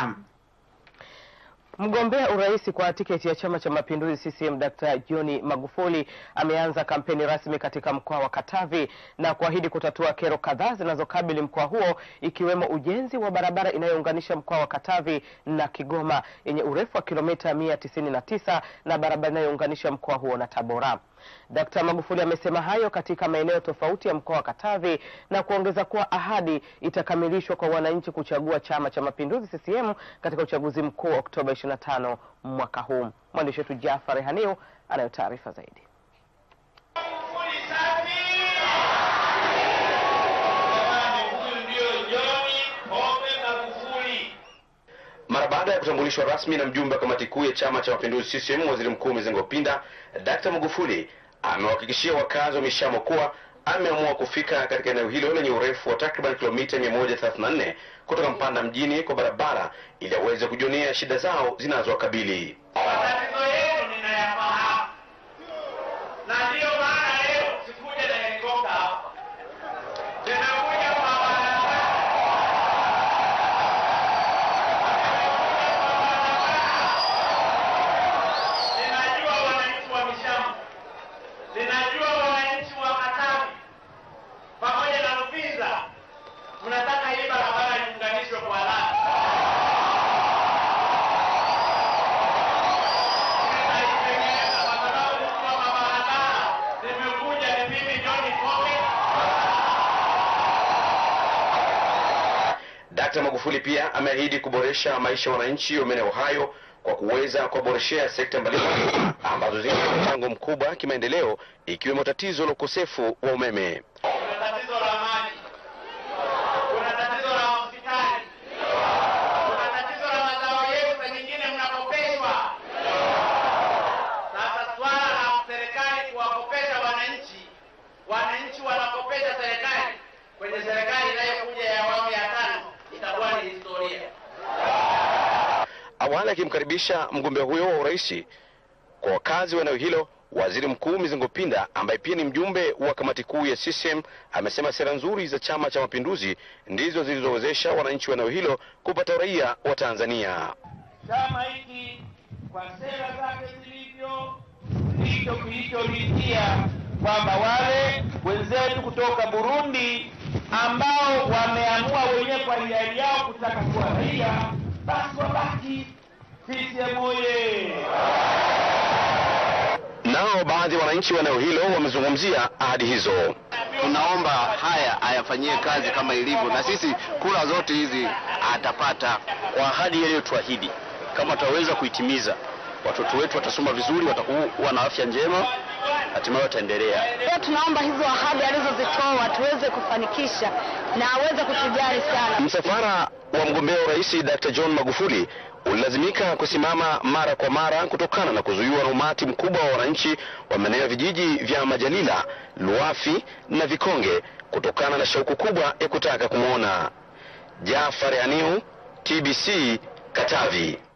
Naam. Mgombea urais kwa tiketi ya Chama cha Mapinduzi CCM Dr. John Magufuli ameanza kampeni rasmi katika mkoa wa Katavi na kuahidi kutatua kero kadhaa zinazokabili mkoa huo ikiwemo ujenzi wa barabara inayounganisha mkoa wa Katavi na Kigoma yenye urefu wa kilomita mia tisini na tisa na barabara inayounganisha mkoa huo na Tabora. Dkt. Magufuli amesema hayo katika maeneo tofauti ya mkoa wa Katavi na kuongeza kuwa ahadi itakamilishwa kwa wananchi kuchagua Chama cha Mapinduzi CCM katika uchaguzi mkuu wa Oktoba 25 mwaka huu. Mwandishi wetu Jafar Haniu anayo taarifa zaidi. Baada ya kutambulishwa rasmi na mjumbe wa kamati kuu ya chama cha mapinduzi CCM, waziri mkuu Mizengo Pinda, Dkt. Magufuli amewahakikishia wakazi wa Mishamo kuwa ameamua kufika katika eneo hilo lenye urefu wa takriban kilomita 134 kutoka Mpanda mjini kwa barabara ili aweze kujionea shida zao zinazowakabili. Matatizo yenu ninayafahamu na Dkt. Magufuli pia ameahidi kuboresha maisha ya wananchi wa maeneo hayo kwa kuweza kuwaboreshea sekta mbalimbali ambazo zina mchango mkubwa kimaendeleo ikiwemo tatizo la ukosefu wa umeme. wananchi wanakopesha serikali kwenye serikali inayo Awali akimkaribisha mgombea huyo wa urais kwa wakazi wa eneo hilo, waziri mkuu Mizengo Pinda ambaye pia ni mjumbe wa kamati kuu ya CCM amesema sera nzuri za Chama cha Mapinduzi ndizo zilizowezesha wananchi wa eneo hilo kupata uraia wa Tanzania. Chama hiki kwa sera zake zilivyo ndicho kilichoridhia kwamba wale wenzetu kutoka Burundi ambao wameamua wenyewe kwa hiari yao kutaka kuwa raia basi wabaki. CCM oye! Nao baadhi ya wananchi wa eneo hilo wamezungumzia ahadi hizo. Tunaomba haya ayafanyie kazi kama ilivyo, na sisi kura zote hizi atapata. Kwa ahadi yaliyotuahidi, kama tutaweza kuitimiza, watoto wetu watasoma vizuri, watakuwa na afya njema hatimaye wataendelea. Tunaomba hizo ahadi alizozitoa tuweze kufanikisha na aweze kutujali sana. Msafara wa mgombea urais Dr. John Magufuli ulilazimika kusimama mara kwa mara kutokana na kuzuiwa na umati mkubwa wa wananchi wa maeneo ya vijiji vya Majalila, Luafi na Vikonge kutokana na shauku kubwa ya kutaka kumwona. Jafar Yaniu, TBC, Katavi.